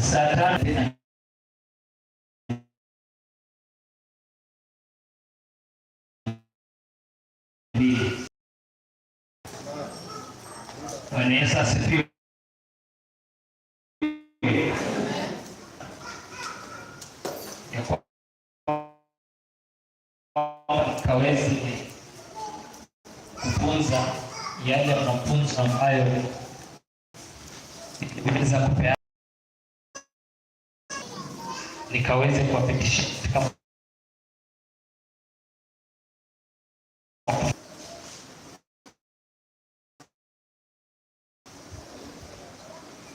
saa tatu Bwana Yesu asifiwe. Kawezi kufunza yale mafunzo ambayo iliweza kupea nikaweze kuwapitisha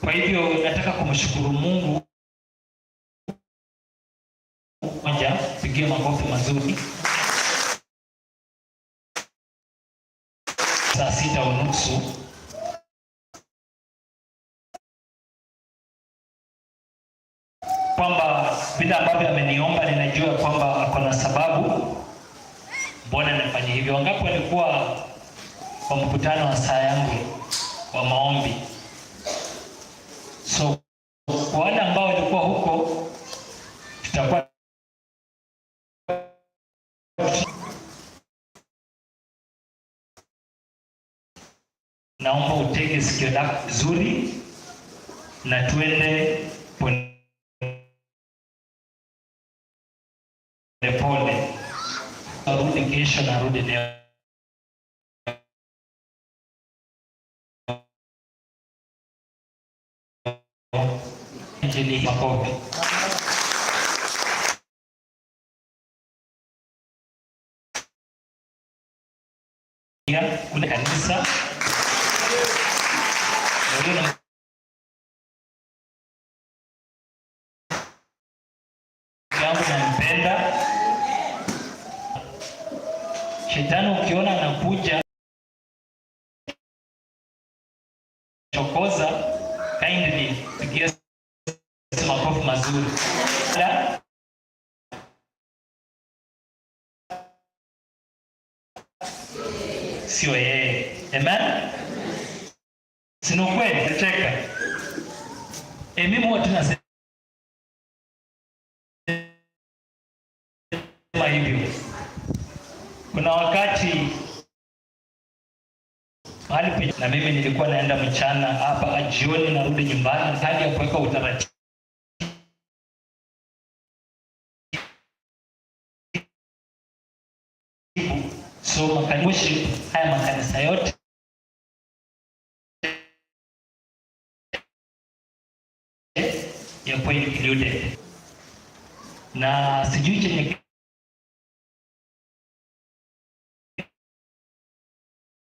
Kwa hivyo nataka kumshukuru Mungu moja, pigia makofi mazuri. Saa sita unusu vile ambavyo ameniomba, ninajua kwamba na sababu mbona nifanye hivyo. Wangapi walikuwa kwa mkutano wa saa yangu wa maombi? So kwa wale ambao walikuwa huko, tutakuwa naomba utege sikio lako vizuri na tuende Polepole arudi kesho, narudi leo. Injili Makobe kule kanisa sio yeye. Amen, sino kweli? Cheka eh, mimi huwa sema hivyo. Kuna wakati mahali na mimi nilikuwa naenda mchana hapa, jioni narudi nyumbani, hali ya kuweka utaratibu tuyaangushe haya makanisa yote yakuwa included na sijui chenye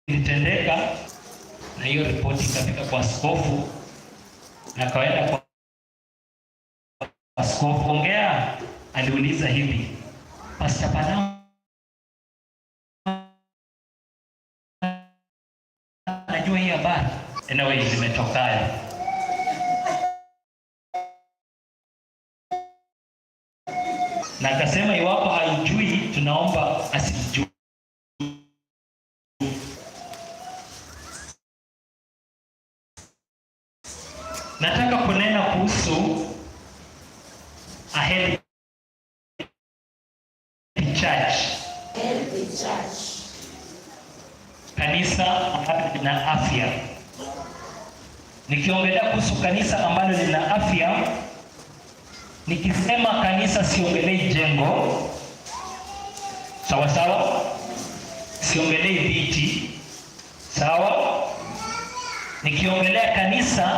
ilitendeka na hiyo ripoti ikafika kwa askofu na kawaenda kwa askofu ongea, aliuliza hivi Pastor Panao najua hii habari anyway zimetokayo na akasema kanisa ambalo lina afya. Nikiongelea kuhusu kanisa ambalo lina afya, nikisema kanisa siongelei jengo, sawa sawa, siongelei viti, sawa. Nikiongelea kanisa,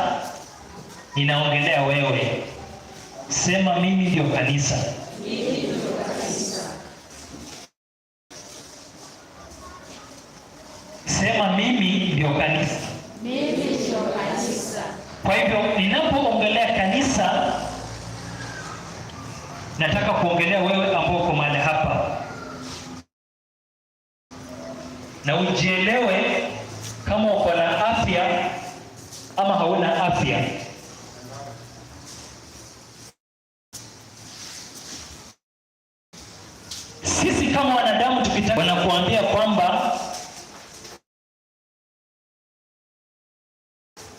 ninaongelea wewe. Sema mimi ndio kanisa. ndio kanisa. Mimi ndio kanisa. Kwa hivyo ninapoongelea kanisa, nataka kuongelea wewe ambao uko mahali hapa, na ujielewe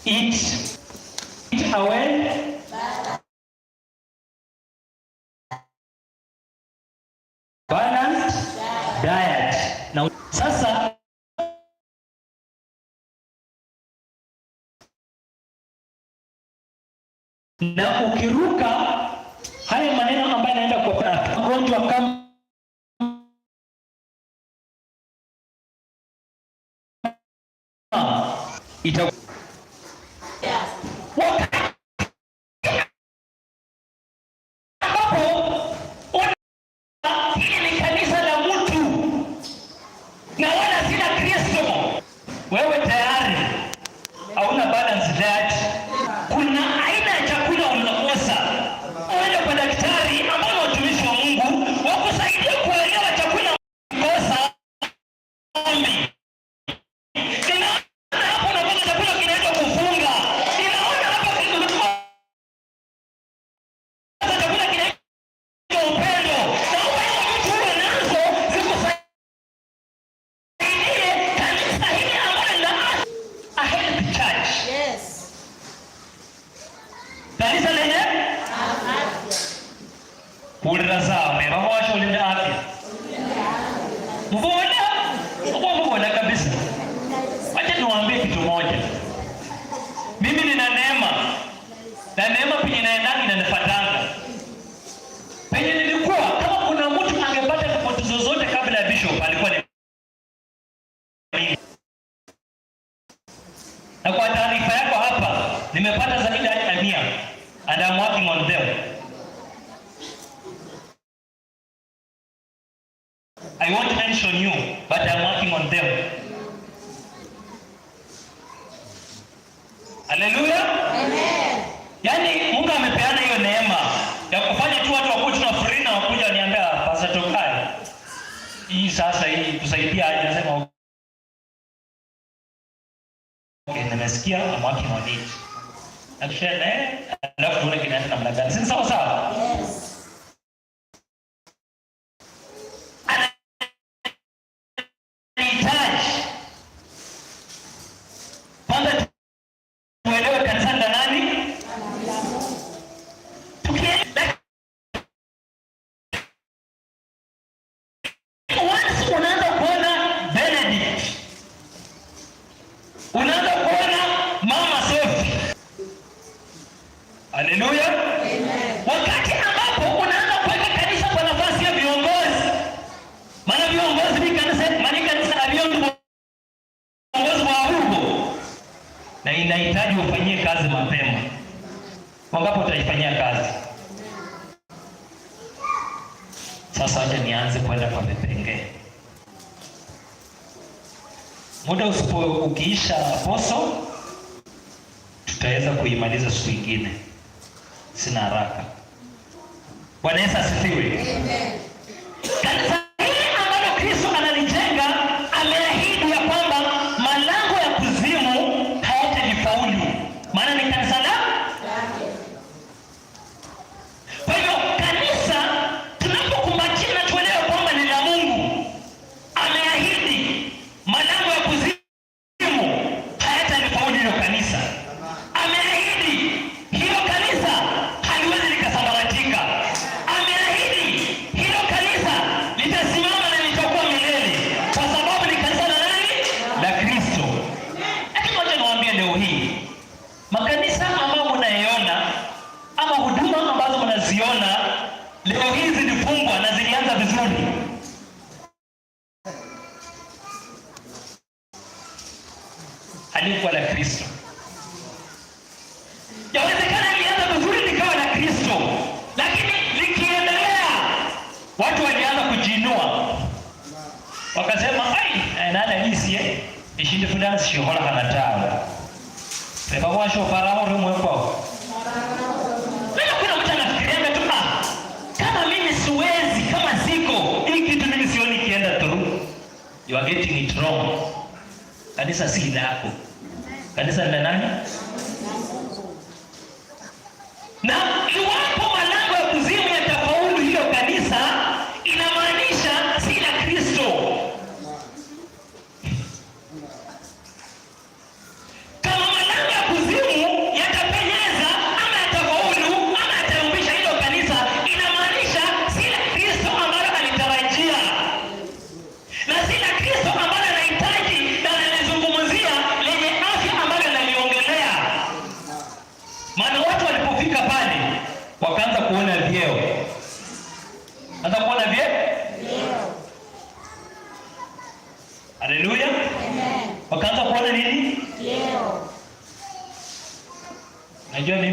eat, away balanced diet. sasa na ukiruka haya maneno ambayo yanaenda kwa mgonjwa kama ഒളിന്റെ ആദ്യം push on you, but I'm working on them. Haleluya. Amen. Yaani Mungu amepeana hiyo neema ya kufanya tu watu wakuja na free na wakuja niambia pasa Tokai. Hii sasa hii kusaidia aje nasema okay, nimesikia I'm working on it. Actually, eh, alafu tuone kinaenda namna gani. Sawa sawa. atalifanyia kazi. Sasa wacha nianze kwenda kwa vipengee. Muda usipo ukiisha poso, tutaweza kuimaliza siku ingine. Sina haraka. Bwana Yesu asifiwe. Amen. alikuwa na Kristo. Yawezekana ilianza vizuri nikawa na Kristo, lakini likiendelea watu walianza kujinua, wakasema ai eh, nana nisie eh? ishinde fulani shihola kana tawa pepakuwa shofarao rimwekwao You are getting it wrong. Kanisa si lako. Kanisa lina nani? Na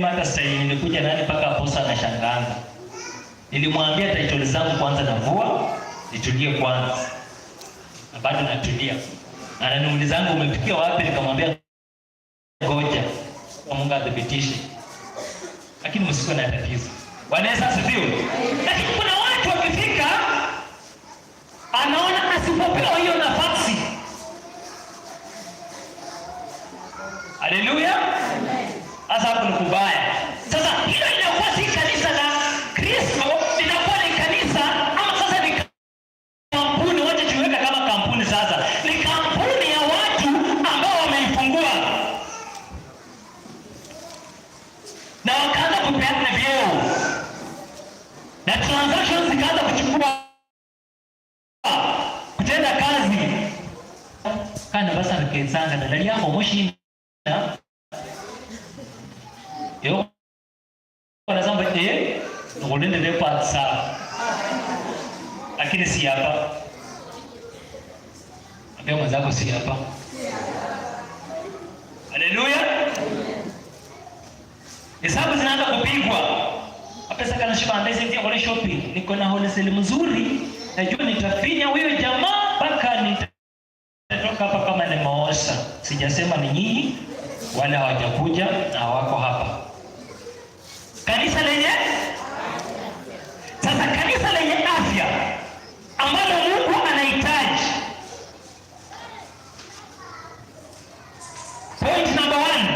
Neema hata sasa hivi nilikuja nani mpaka posa na shangaza. Nilimwambia title zangu kwanza navua, nitulie kwanza. Na bado natulia. Ananiuliza zangu umepikia wapi? Nikamwambia ngoja. Kwa Mungu athibitishe. Lakini msiko na tatizo. Bwana Yesu asifiwe. Lakini kuna watu wakifika anaona asipopewa hiyo nafasi. Hallelujah. Hasa hapo ni kubaya. yo wanasema eh, tukonende de pa sawa, lakini si hapa. Ambia mwenzako si hapa. Haleluya, hesabu zinaanza kupigwa. Apesa kana shika ndese ndio kwa shopping, niko na wholesale mzuri, najua nitafinya huyo jamaa mpaka nitatoka hapa kama nimeosha. Sijasema ni nyinyi, wala hawajakuja na hawako hapa kanisa lenye sasa, kanisa lenye afya ambalo